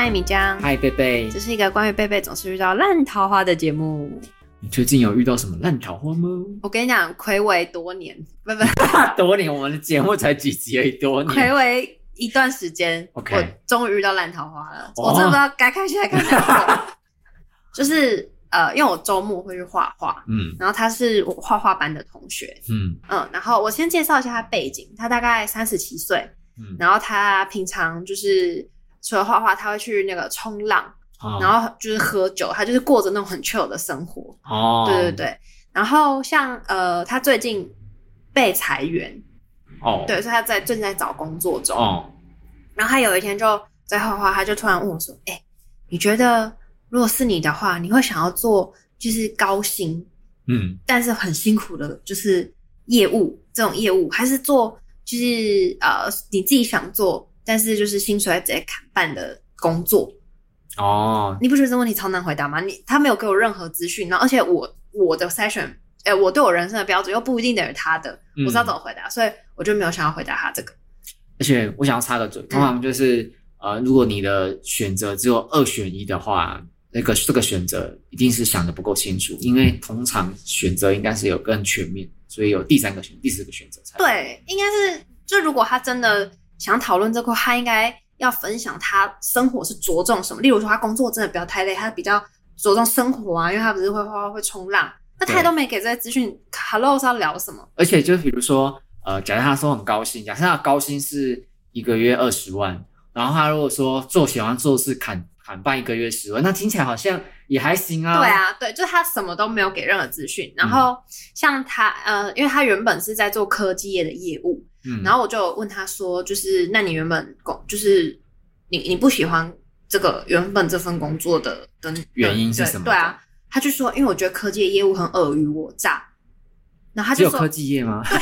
嗨，米漿。嗨，貝貝。這是一個關於貝貝總是遇到爛桃花的節目。你最近有遇到什麼爛桃花嗎？我跟你講，睽違多年，不不，多年，我們的節目才幾集而已。多年，睽違一段時間。Okay。我終於遇到爛桃花了。Oh. 我真的不知道該開心還是該難過。就是呃，因為我周末會去畫畫，嗯，然後他是我畫畫班的同學，嗯嗯，然後我先介紹一下他背景，他大概三十七歲，嗯，然後他平常就是。除了畫畫，他會去那個衝浪，oh. 然後就是喝酒，他就是過着那種很 chill 的生活。哦，oh. 對對對。然後像呃，他最近被裁員，哦，oh. 對，所以他在正在找工作中。哦。Oh. 然後他有一天就在畫畫，他就突然問我說：“哎、欸，你覺得如果是你的話，你會想要做就是高薪，嗯，但是很辛苦的，就是業務這種業務，還是做就是呃你自己想做？”但是就是薪水直接砍半的工作哦，你不覺得這問題超難回答嗎？你他沒有給我任何資訊，然後而且我我的篩選，哎，我對我人生的標準又不一定等於他的，嗯、我不知道怎麼回答，所以我就沒有想要回答他這個。而且我想要插個嘴，通常就是、嗯、呃，如果你的選擇只有二選一的話，那個這個選擇一定是想的不夠清楚，因為通常選擇應該是有更全面，所以有第三個選擇，第四個選擇才對，應該是就如果他真的。想討論這塊，他應該要分享他生活是着重什麼？例如說，他工作真的不要太累，他比較着重生活啊，因為他不是會畫畫、會衝浪。那對他都沒給這些資訊對，Hello 是要聊什麼？而且就比如說，呃，假設他說很高薪，假設他高薪是一個月二十萬，然後他如果說做喜歡做事砍、嗯、砍半一個月十萬，那聽起來好像也還行啊。對啊，對，就他什麼都沒有給任何資訊。然後像他、嗯、呃，因為他原本是在做科技業的業務。然後我就問他說：“就是那你原本工，就是你你不喜歡這個原本這份工作的原因是什麼對？”對啊，他就說：“因為我覺得科技的業務很爾虞我詐。”然後他就說：“科技業嗎？不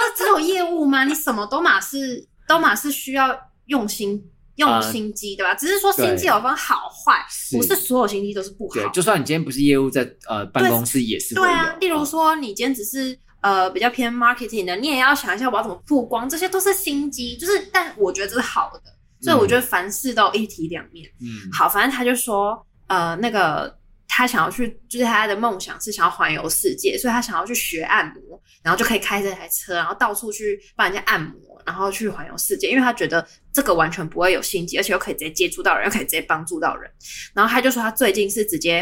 是只有業務嗎？你什麼都嘛是都嘛是需要用心用心機、呃、對吧？只是說心機有分好壞，對不是所有心機都是不好。對，就算你今天不是業務在呃辦公室也是對，對啊。例如說你今天只是。”呃，比較偏 marketing 的，你也要想一下我要怎麼曝光，這些都是心機，就是但我覺得這是好的，所以我覺得凡事都一體兩面。嗯，好，反正他就說，呃，那個他想要去，就是他的夢想是想要環遊世界，所以他想要去學按摩，然後就可以開這台車，然後到處去幫人家按摩，然後去環遊世界，因為他覺得這個完全不會有心機，而且又可以直接接觸到人，又可以直接幫助到人。然後他就說他最近是直接，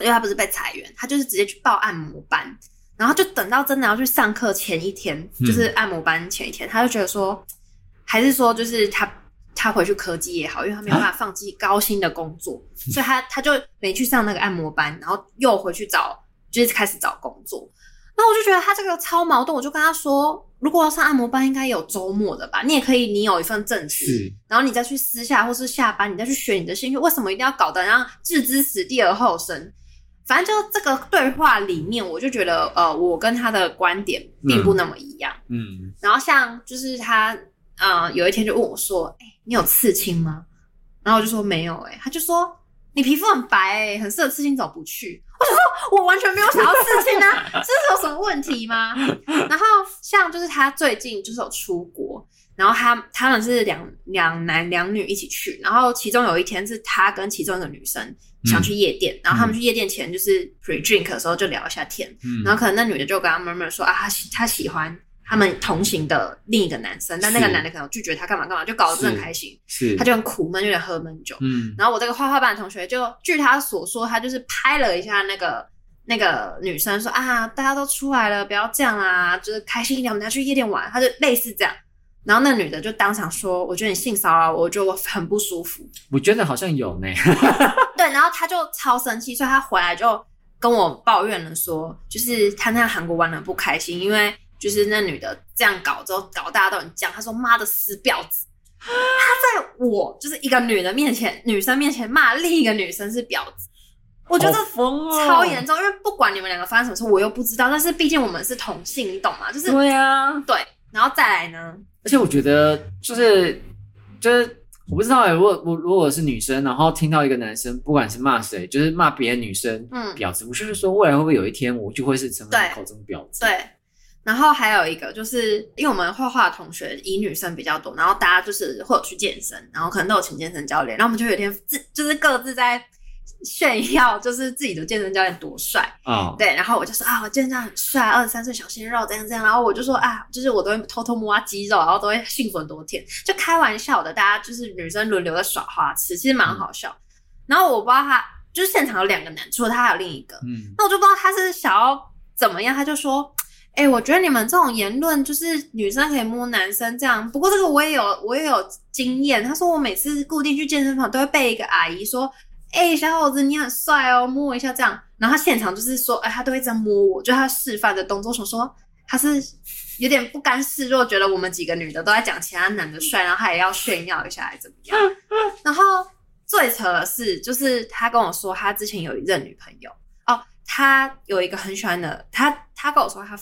因為他不是被裁員，他就是直接去報按摩班。然後就等到真的要去上課前一天，嗯、就是按摩班前一天，他就覺得說，還是說就是他他回去科技也好，因為他沒有辦法放棄高薪的工作，啊、所以他他就沒去上那個按摩班，然後又回去找，就是開始找工作。那我就覺得他這個超矛盾，我就跟他說，如果要上按摩班，應該有周末的吧？你也可以，你有一份正職，是然後你再去私下或是下班，你再去學你的興趣，為什麼一定要搞得讓置之死地而後生？反正就這個對話裡面，我就覺得，呃，我跟他的觀點並不那麼一樣。嗯，嗯，然後像就是他，呃，有一天就問我說：“欸，你有刺青嗎？”然後我就說：“沒有，欸。”誒他就說：“你皮膚很白，欸，很適合刺青，怎麼不去？”我就說：“我完全沒有想要刺青啊，這 是不是有什麼問題嗎？”然後像就是他最近就是有出國，然後他他們是兩兩男兩女一起去，然後其中有一天是他跟其中一個女生。想去夜店，嗯、然後他們去夜店前就是 pre drink 的時候就聊一下天，嗯、然後可能那女的就跟他們 murmur 說、嗯、啊，她她喜歡他們同行的另一個男生，是但那個男的可能拒絕她幹嘛幹嘛，就搞得真的很開心，他就很苦悶，有點喝悶酒。嗯、然後我這個畫畫班的同學就據他所說，他就是拍了一下那個那個女生說啊，大家都出來了，不要這樣啊，就是開心一點，我們要去夜店玩，他就類似這樣。然後那女的就當場說：“我覺得你性騷擾我，我覺得我很不舒服。”我覺得好像有呢。 對，然後他就超生氣，所以他回來就跟我抱怨了，說：“就是他那韓國玩的不開心，因為就是那女的這樣搞，之後搞大家都很僵。”他說：“媽的，死婊子！”他在我就是一個女的面前，女生面前罵另一個女生是婊子，我覺得瘋了，超嚴重。哦、因為不管你們兩個發生什麼事，我又不知道。但是畢竟我們是同性，你懂嗎？就是對呀、啊，對。然後再來呢？而且我覺得就是就是我不知道哎、欸，如果我如果是女生，然後聽到一個男生不管是罵誰，就是罵別的女生婊子，嗯，婊子，我就是說未來會不會有一天我就會是成為口中婊子？對。然後還有一個就是，因為我們畫畫的同學以女生比較多，然後大家就是會有去健身，然後可能都有請健身教練，然後我們就有一天自就是各自在。炫耀就是自己的健身教練多帥啊，oh. 對，然後我就說啊，我健身教練很帥，二十三歲小鮮肉這樣這樣，然後我就說啊，就是我都會偷偷摸他肌肉，然後都會興奮很多天，就開玩笑的，大家就是女生輪流在耍花痴，其實蠻好笑。嗯、然後我不知道他就是現場有兩個男，除了他還有另一個，嗯，那我就不知道他是想要怎麼樣，他就說，哎、欸，我覺得你們這種言論就是女生可以摸男生這樣，不過這個我也有我也有經驗，他說我每次固定去健身房都會被一個阿姨說。誒、欸，小夥子，你很帥哦，摸我一下這樣。然後他現場就是說，誒、欸，他都會這樣摸我，就他示範的動作。我說他是有點不甘示弱，覺得我們幾個女的都在講其他男的帥，然後他也要炫耀一下，還是怎麼樣？ 然後最扯的是，就是他跟我說，他之前有一任女朋友哦，他有一個很喜歡的，他他跟我說，他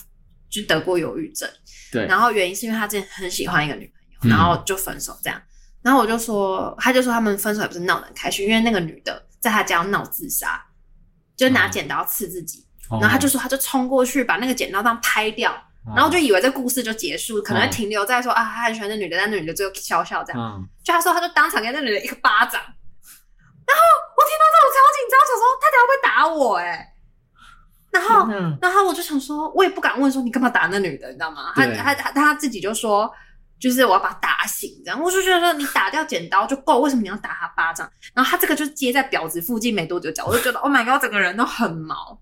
就得過憂鬱症，對。然後原因是因為他之前很喜歡一個女朋友，嗯、然後就分手這樣。然後我就說，他就說他們分手也不是鬧得很開心，因為那個女的在他家鬧自殺，就拿剪刀要刺自己，哦、然後他就說他就衝過去把那個剪刀當拍掉，哦、然後就以為這故事就結束，可能停留在說、哦、啊，他還喜歡那女的，但那女的最後笑笑這樣，哦、就他說他就當場給那女的一個巴掌，然後我聽到這種超級你知道緊張，我想說他會不會打我誒、欸、然後哪然後我就想說，我也不敢問說你幹嘛打那女的，你知道嗎？他對他他他自己就說。就是我要把他打醒，這樣。我就覺得說，你打掉剪刀就夠，為什麼你要打他巴掌？然後他這個就接在婊子附近沒多久腳，我就覺得 Oh my god，我整個人都很毛。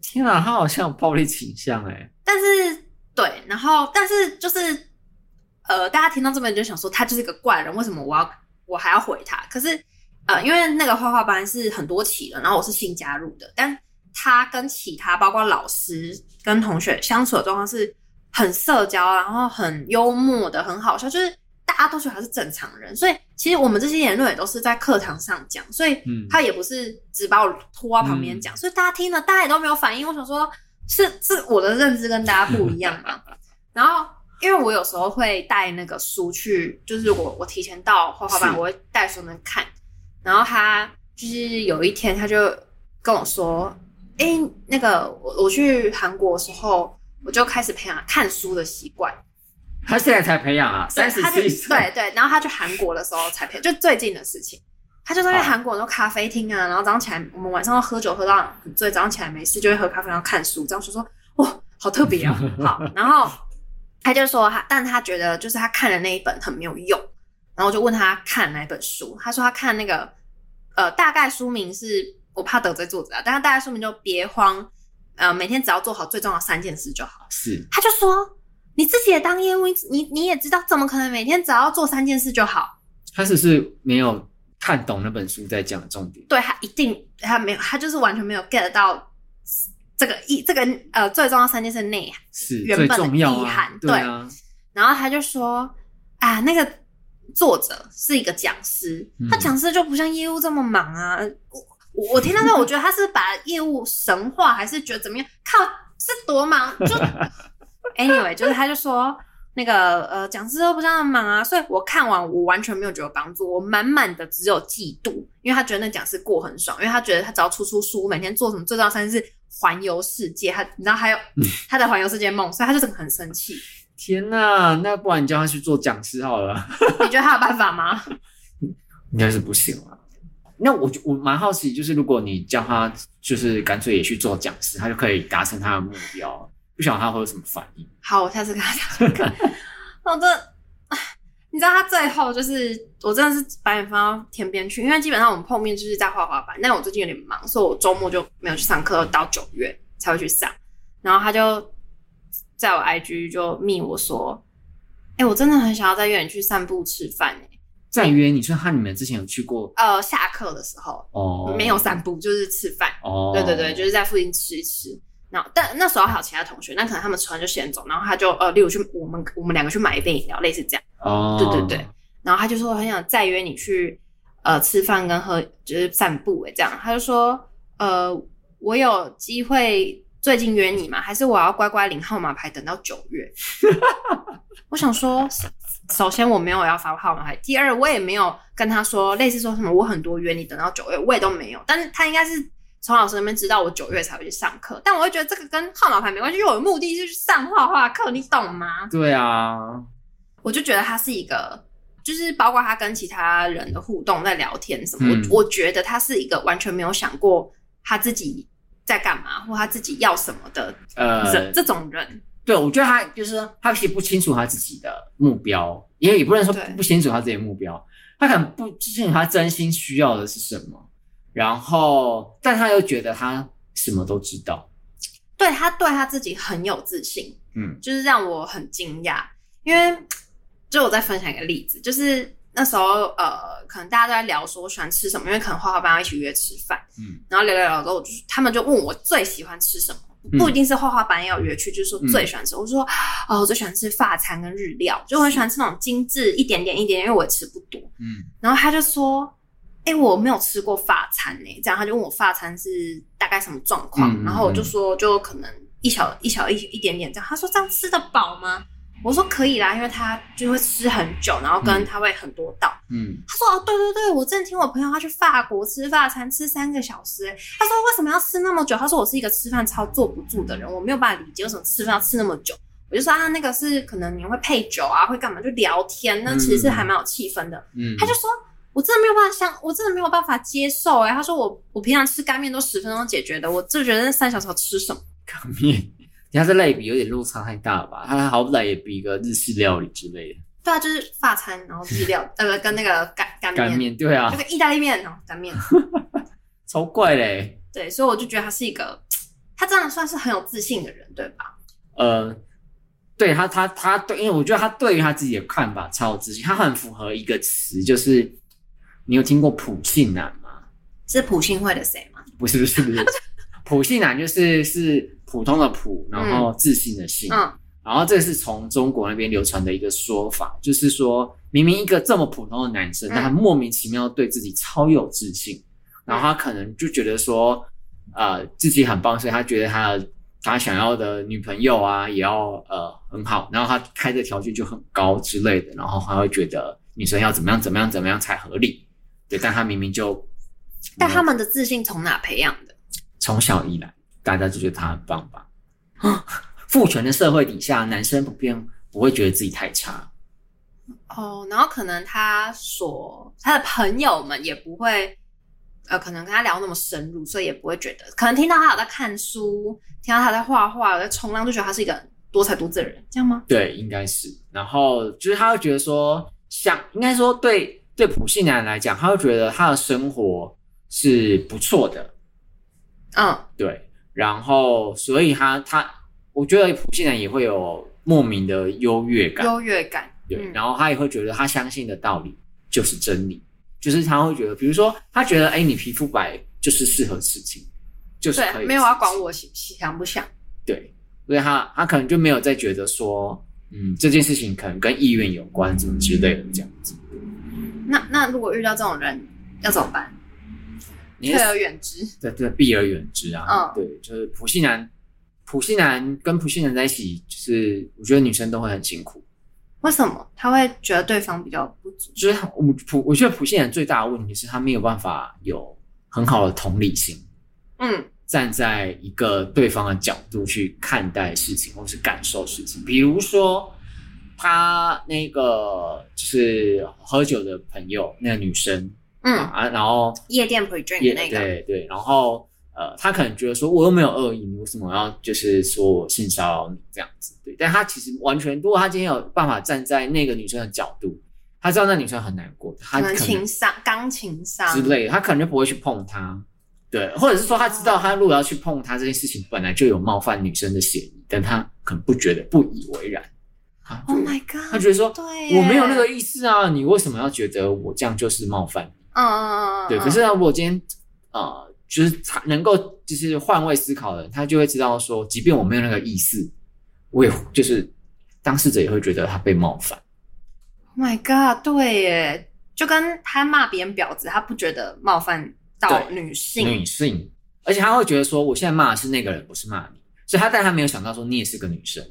天啊，他好像有暴力傾向誒，但是對，然後但是就是呃，大家聽到這邊就想說他就是個怪人，為什麼我要我還要回他？可是呃，因為那個畫畫班是很多期的，然後我是新加入的，但他跟其他包括老師跟同學相處的狀況是。很社交，然後很幽默的，很好笑，就是大家都覺得他是正常人，所以其實我們這些言論也都是在課堂上講，所以他也不是只把我拖到旁邊講，嗯、所以大家聽了，大家也都沒有反應。我想說，是是我的認知跟大家不一樣嘛。嗯、然後因為我有時候會帶那個書去，就是我我提前到畫畫班，我會帶書們看。是然後他就是有一天，他就跟我說：“誒、欸，那個我我去韓國的時候。”我就開始培養看書的習慣。他現在才培養啊，三十歲。就 對對，然後他去韓國的時候才培養， 就最近的事情。他就在韓國那咖啡廳啊，然後早上起來，啊、我們晚上要喝酒喝到很醉，早上起來沒事就會喝咖啡然後看書。這樣說說，哇，好特別啊， 好。然後他就說，但他覺得就是他看的那一本很沒有用，然後我就問他看哪一本書，他說他看那個，呃，大概書名是我怕得罪作者、啊，但是大概書名就別慌。呃，每天只要做好最重要的三件事就好。是，他就說你自己也當業務，你你也知道，怎麼可能每天只要做三件事就好？他只是沒有看懂那本書在講的重點。對，他一定，他沒有，他就是完全沒有 get 到這個一，這個呃最重要三件事內涵是原本的內涵。對，對啊，然後他就說啊，那個作者是一個講師，嗯，他講師就不像業務這麼忙啊。我我聽到他，我覺得他是把業務神化，還是覺得怎麼樣？靠，是多忙？就 anyway，就是他就說那個呃講師都不知道忙啊，所以我看完我完全沒有覺得幫助，我滿滿的只有嫉妒，因為他覺得那講師過很爽，因為他覺得他只要出出書，每天做什麼最重要是是環遊世界，他你知道還有他的環遊世界夢，嗯、所以他就整很生氣。天哪、啊，那不然你叫他去做講師好了？ 你覺得他有辦法嗎？應該是不行了。那我我蠻好奇，就是如果你叫他，就是乾脆也去做講師，他就可以達成他的目標，不曉得他會有什麼反應。好，我下次跟他講講看。 我真的，你知道他最後就是，我真的是把眼放到天邊去，因為基本上我們碰面就是在畫畫班，但我最近有點忙，所以我周末就沒有去上課，到九月才會去上。然後他就在我 IG 就密我說，哎、欸，我真的很想要在院裡去散步吃飯哎、欸。再對約你說。他你們之前有去過，呃，下課的時候哦、oh. 沒有散步就是吃飯哦、oh. 對對對，就是在附近吃一吃，然後但那時候還有其他同學那、oh. 可能他們吃完就先走，然後他就呃例如去我們我們兩個去買一杯飲料類似這樣哦、oh. 對對對，然後他就說很想再約你去呃吃飯跟喝就是散步哎這樣。他就說呃我有機會最近約你嘛，還是我要乖乖領號碼牌等到九月？ 我想說。首先，我沒有要發號碼牌。第二，我也沒有跟他說類似說什麼我很多約你等到九月，我也都沒有。但是他應該是從老師那邊知道我九月才會去上課。但我會覺得這個跟號碼牌沒關係，因為我的目的是去上畫畫課，你懂嗎？對啊，我就覺得他是一個，就是包括他跟其他人的互動、在聊天什麼，嗯、我覺得他是一個完全沒有想過他自己在幹嘛或他自己要什麼的人，呃、這種人。對，我覺得他就是他，其實不清楚他自己的目標，因為也不能說不清楚他自己的目標，嗯、他可能不清楚他真心需要的是什麼，然後但他又覺得他什麼都知道，對他對他自己很有自信，嗯，就是讓我很驚訝，因為就我再分享一個例子，就是那時候呃，可能大家都在聊說我喜歡吃什麼，因為可能花花班一起約吃飯，嗯，然後聊聊聊之後，我就是他們就問我最喜歡吃什麼。不一定是畫畫板也有約去，嗯、就是說最喜歡吃。嗯、我就說，哦，我最喜歡吃法餐跟日料，就很喜歡吃那種精致一點點一點點，因為我也吃不多。嗯，然後他就說，哎、欸，我沒有吃過法餐誒、欸，這樣他就問我法餐是大概什麼狀況，嗯、然後我就說，就可能一小一小一一點點這樣。他說這樣吃得飽嗎？我說可以啦，因為他就會吃很久，然後跟他會很多道。嗯，嗯，他說啊，對對對，我正聽我朋友他去法國吃法餐，吃三個小時，欸。他說為什麼要吃那麼久？他說我是一個吃飯超坐不住的人，我沒有辦法理解為什麼吃飯要吃那麼久。我就說啊，那個是可能你會配酒啊，會幹嘛就聊天，那其實是還蠻有氣氛的。嗯，嗯，他就說，我真的沒有辦法相，我真的沒有辦法接受誒，欸、他說我我平常吃乾麵都十分鐘解決的，我就覺得那三小時要吃什麼乾麵。他這類比有點落差太大吧？他好歹也比一個日式料理之類的。對啊，就是法餐、然後日料 呃，不跟那個乾乾麵。乾麵，對啊，就是意大利麵然後乾麵。 超怪嘞。對，所以我就覺得他是一個，他真的算是很有自信的人，對吧？呃，對他他他，對，因為我覺得他對於他自己的看法超自信，他很符合一個詞，就是你有聽過普信男嗎？是普信會的誰嗎？不是不是不是， 普信男就是是。普通的普，然後自信的信，嗯哦、然後這是從中國那邊流傳的一個說法，就是說明明一個這麼普通的男生，嗯、但他莫名其妙對自己超有自信，嗯、然後他可能就覺得說，呃，自己很棒，所以他覺得他的他想要的女朋友啊，也要呃很好，然後他開的條件就很高之類的，然後他會覺得女生要怎麼樣怎麼樣怎麼樣才合理，對，但他明明就，但他們的自信從哪培養的？從小以來。大家就覺得他很棒吧？父權的社會底下，男生普遍不會覺得自己太差哦。然後可能他所他的朋友們也不會，呃，可能跟他聊那麼深入，所以也不會覺得。可能聽到他有在看書，聽到他在畫畫，有在衝浪，就覺得他是一個多才多藝的人，這樣嗎？對，應該是。然後就是他會覺得說，像應該說對對普信男來講，他會覺得他的生活是不錯的。嗯、哦，對。然後，所以他他，我覺得普信男也會有莫名的優越感，優越感。對，嗯、然後他也會覺得他相信的道理就是真理，就是他會覺得，比如說他覺得，哎，你皮膚白就是適合事情，就是可以對，沒有要管我喜喜想不想。對，所以他他可能就沒有再覺得說，嗯，這件事情可能跟意願有關，什麼之類的這樣子。嗯、那那如果遇到這種人要怎麼辦？退而遠之，對對，避而遠之啊！嗯、對，就是普信男，普信男跟普信男在一起，就是我覺得女生都會很辛苦。為什麼他會覺得對方比較不足？就是我普，我覺得普信男最大的問題是，他沒有辦法有很好的同理心。嗯，站在一個對方的角度去看待事情，或是感受事情。比如說，他那個就是喝酒的朋友，那個女生。嗯啊，然後夜店 r 陪酒那個，對對，然後呃，他可能覺得說我又沒有惡意，你為什麼要就是說我性騷擾你這樣子？對，但他其實完全，如果他今天有辦法站在那個女生的角度，他知道那女生很難過，他可能可能情商鋼琴商之類的，他可能就不會去碰她，對，或者是說他知道他如果要去碰她這件事情本來就有冒犯女生的嫌疑，但他可能不覺得不以為然啊，Oh my god，他覺得說對耶我沒有那個意思啊，你為什麼要覺得我這樣就是冒犯？嗯嗯嗯嗯，uh, uh, uh, uh, 對。可是呢、啊，我今天，呃、uh,，就是能夠就是換位思考的人，他就會知道說，即便我沒有那個意思，我也就是當事者也會覺得他被冒犯。Oh my god，對耶，就跟他罵別人婊子，他不覺得冒犯到對女性。女性，而且他會覺得說，我現在罵的是那個人，不是罵你。所以他但他沒有想到說，你也是個女生。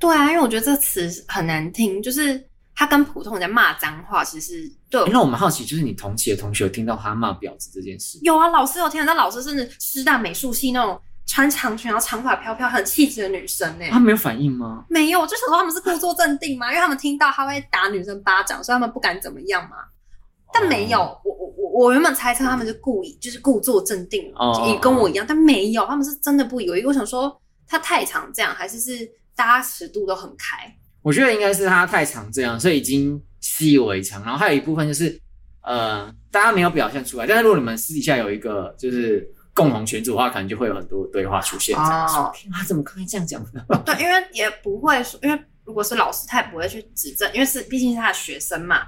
對啊，因為我覺得這個詞很難聽，就是。他跟普通人在罵髒話，其實對。你讓、欸、我們好奇，就是你同期的同學有聽到他罵婊子這件事，有啊，老師有聽到、啊，但老師是師大美術系那種穿長裙、然後長髮飄飄、很氣質的女生呢、啊。他們沒有反應嗎？沒有，就想說他們是故作鎮定嗎？啊、因為他們聽到他會打女生巴掌，所以他們不敢怎麼樣嘛？但沒有，哦、我我我我原本猜測他們是故意、嗯、就是故作鎮定，就、哦哦哦、跟我一樣，但沒有，他們是真的不以為意。我想說他太常這樣，還是是大家尺度都很開。我覺得應該是他太常這樣，所以已經習以為常。然後還有一部分就是，呃，大家沒有表現出來。但是如果你們私底下有一個就是共同群組的話，可能就會有很多對話出現。哦這樣，他怎麼可以這樣講呢？哦？對，因為也不會說，因為如果是老師，他也不會去指正，因為是畢竟是他的學生嘛，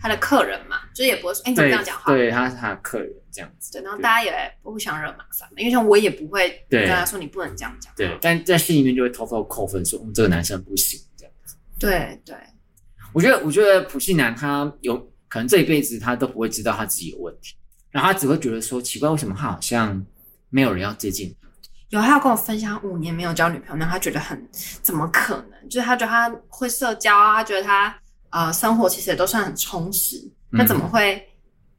他的客人嘛，所、就、以、是、也不會說，你、嗯欸、怎麼這樣講話對？對，他是他的客人這樣子。對，對對然後大家也不想惹麻煩，因為像我也不會跟他對說你不能這樣講。對，但在心裡面就會偷偷扣分分，說嗯，這個男生不行。對對我，我覺得我覺得普信男他有可能這一輩子他都不會知道他自己有問題，然後他只會覺得說奇怪，為什麼他好像沒有人要接近他。有，他要跟我分享五年沒有交女朋友，然後他覺得很怎麼可能？就是他覺得他會社交啊，他覺得他呃生活其實都算很充實，嗯、他怎麼會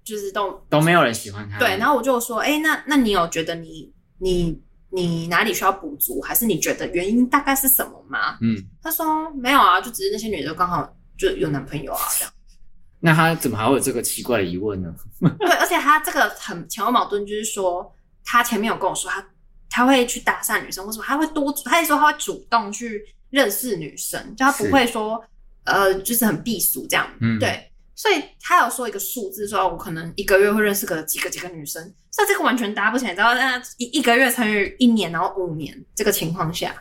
就是都都沒有人喜歡他？對，然後我就說，哎，那那你有覺得你你？你哪裡需要補足，還是你覺得原因大概是什麼嗎？嗯，他說沒有啊，就只是那些女的剛好就有男朋友啊，這樣。那他怎麼還會有這個奇怪的疑問呢？ 對，而且他這個很前後矛盾，就是說他前面有跟我說他他會去搭訕女生，為什麼他會多？他是說他會主動去認識女生，就他不會說是呃就是很避俗這樣。嗯，對，所以他有說一個數字說，說我可能一個月會認識個幾個幾個女生。那這個完全搭不起來，你知道？一一個月乘以一年，然後五年這個情況下，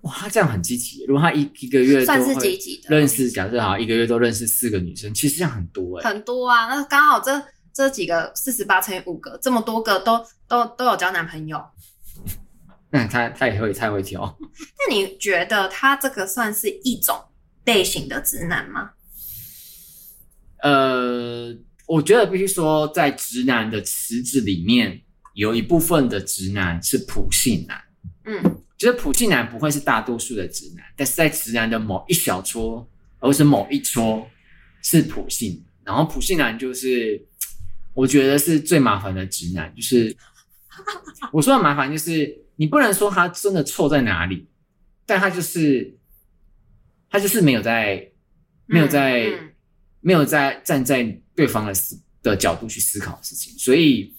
哇，他這樣很積極。如果他一一個月算是積極的，認識假設好像一個月都認識四個女生，嗯、其實這樣很多哎，很多啊。那剛好這這幾個四十八乘以五個這麼多個都都都有交男朋友，嗯， 他他也會他也會挑。那你覺得他這個算是一種類型的直男嗎？呃。我覺得必須說，在直男的池子裡面，有一部分的直男是普信男。嗯，其實普信男不會是大多數的直男，但是在直男的某一小撮，或是某一撮，是普信。然後普信男就是，我覺得是最麻煩的直男。就是我說的麻煩，就是你不能說他真的錯在哪裡，但他就是，他就是沒有在，沒有在、嗯。嗯沒有在站在對方的思的角度去思考的事情，所以，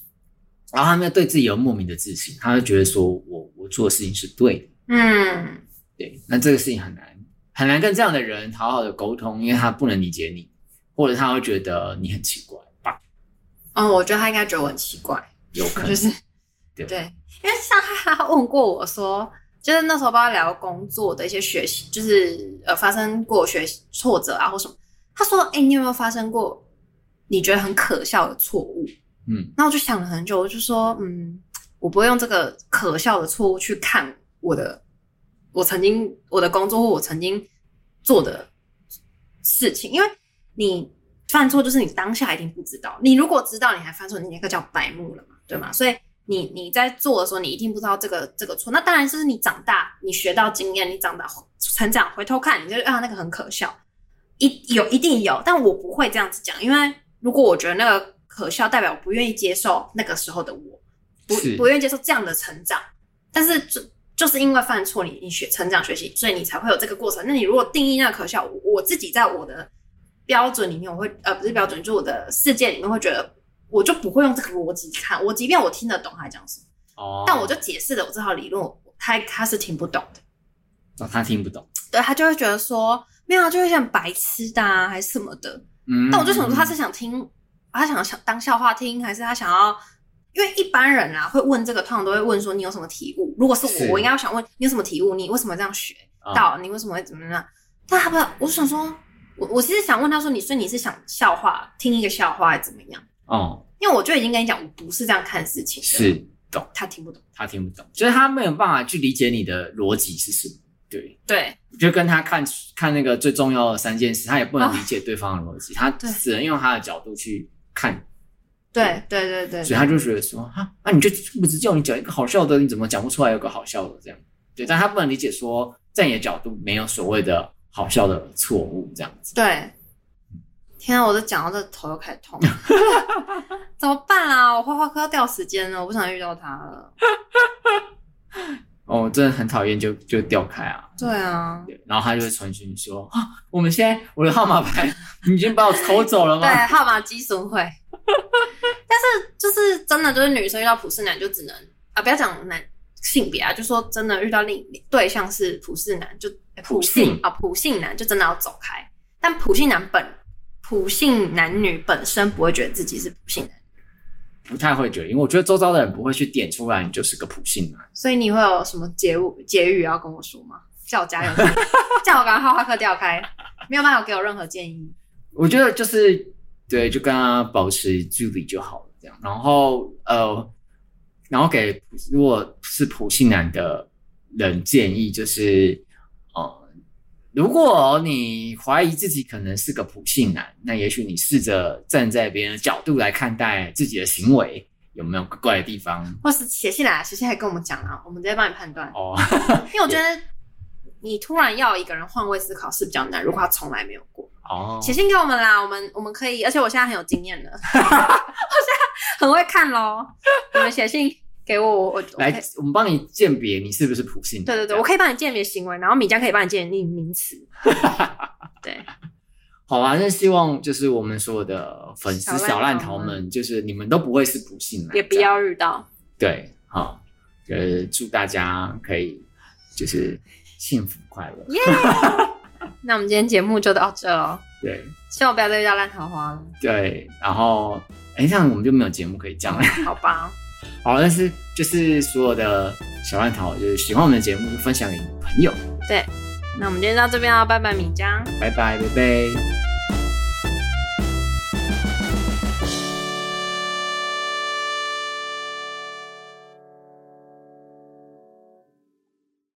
然後他們對自己有莫名的自信，他會覺得說我：“我我做的事情是對的。”嗯，對。那這個事情很難很難跟這樣的人好好的溝通，因為他不能理解你，或者他會覺得你很奇怪吧？嗯，我覺得他應該覺得我很奇怪，有可能，就是、對對，因為像他問過我說，就是那時候幫他聊工作的一些學習，就是呃發生過學習挫折啊或什麼。他說：“欸，你有沒有發生過你覺得很可笑的錯誤？嗯，那我就想了很久，我就說，嗯，我不會用這個可笑的錯誤去看我的，我曾經我的工作或我曾經做的事情，因為你犯錯就是你當下一定不知道，你如果知道你還犯錯，你那個叫白目了嘛，對嗎？所以你你在做的時候，你一定不知道這個這個錯。那當然就是你長大，你學到經驗，你長大成長，回頭看，你就啊那個很可笑。”一有一定有，但我不會這樣子講，因為如果我覺得那個可笑，代表我不願意接受那個時候的我，不是不願意接受這樣的成長。但是就就是因為犯錯，你你學成長學習，所以你才會有這個過程。那你如果定義那個可笑，我，我自己在我的標準裡面，我會呃不是標準，就我的世界裡面會覺得，我就不會用這個邏輯去看。我即便我聽得懂他講什麼，哦，但我就解釋了我這套理論，他他是聽不懂的。哦，他聽不懂，對他就會覺得說。沒有啊，就會像白痴的，啊，還是什麼的。嗯，但我就想說，他是想聽，嗯嗯，他想想當笑話聽，還是他想要？因為一般人啊，會問這個，通常都會問說，你有什麼體悟？如果是我，是我應該要想問你有什麼體悟？你為什麼這樣學到？嗯，你為什麼會怎麼樣？但他不知道，我想說，我我其實想問他說你，你說你是想笑話聽一個笑話，還是怎麼樣？哦，嗯，因為我就已經跟你講，我不是這樣看事情的。是，懂？他聽不懂，他聽不懂，他聽不懂，所以他沒有辦法去理解你的邏輯是什麼。對對，就跟他看看那個最重要的三件事，他也不能理解對方的邏輯，他只能用他的角度去看。對對對對，所以他就覺得說，哈，那你就不止叫你講一個好笑的，你怎麼講不出來有個好笑的這樣？對，但他不能理解說，在你的角度沒有所謂的好笑的錯誤這樣子。對，天啊，我都講到這頭又開始痛，怎麼辦啊？我畫畫快要掉時間了，我不想遇到他了。哦，真的很討厭，就就調開啊。對啊對，然後他就會傳訊說啊，我們現在我的號碼牌 你已經把我偷走了嗎？對，號碼機損毀。 但是就是真的，就是女生遇到普信男就只能啊，不要講男性別啊，就說真的遇到另對象是普信男，就普信世啊普信、哦、男就真的要走開。但普信男本普信男女本身不會覺得自己是普信男。不太會覺得，因為我覺得周遭的人不會去點出來你就是個普信男，所以你會有什麼結語、結語要跟我說嗎？叫我加油， 叫我把畫畫課調開，沒有辦法給我任何建議。我覺得就是對，就跟他保持距離就好了，這樣。然後呃，然後給如果是普信男的人建議就是，如果你懷疑自己可能是個普信男，那也許你試着站在別人的角度來看待自己的行為，有沒有怪怪的地方？或是寫信來，啊，寫信來跟我們講啦，啊，我們直接幫你判斷。哦，因為我覺得你突然要一個人換位思考是比較難，如果他從來沒有過哦，寫信給我們啦，我們我們可以，而且我現在很有經驗了， 我現在很會看嘍，我 們寫信。給我，我來，我，我們幫你鑑別你是不是普信。對對對，我可以幫你鑑別行為，然後米漿可以幫你鑑定名詞。對， 對好、啊，那希望就是我們所有的粉絲小爛桃們，就是你們都不會是普信，也不要遇到。對，好、哦，呃、就是，祝大家可以就是幸福快樂。Yeah! 那我們今天節目就到這嘍。對，希望不要再遇到爛桃花了。對，然後哎、欸，這樣我們就沒有節目可以講了、嗯。好吧。好，但是就是所有的小爛桃，就是喜歡我們的節目，分享給你的朋友。對，那我們今天到這邊了，拜拜米，米漿，拜拜，拜拜。